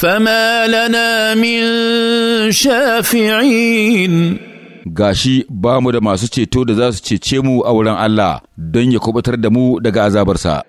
فما لنا من شافعين gashi ba mu da masu ceto da za su cece mu a wurin Allah don ya kubutar da mu daga azabarsa.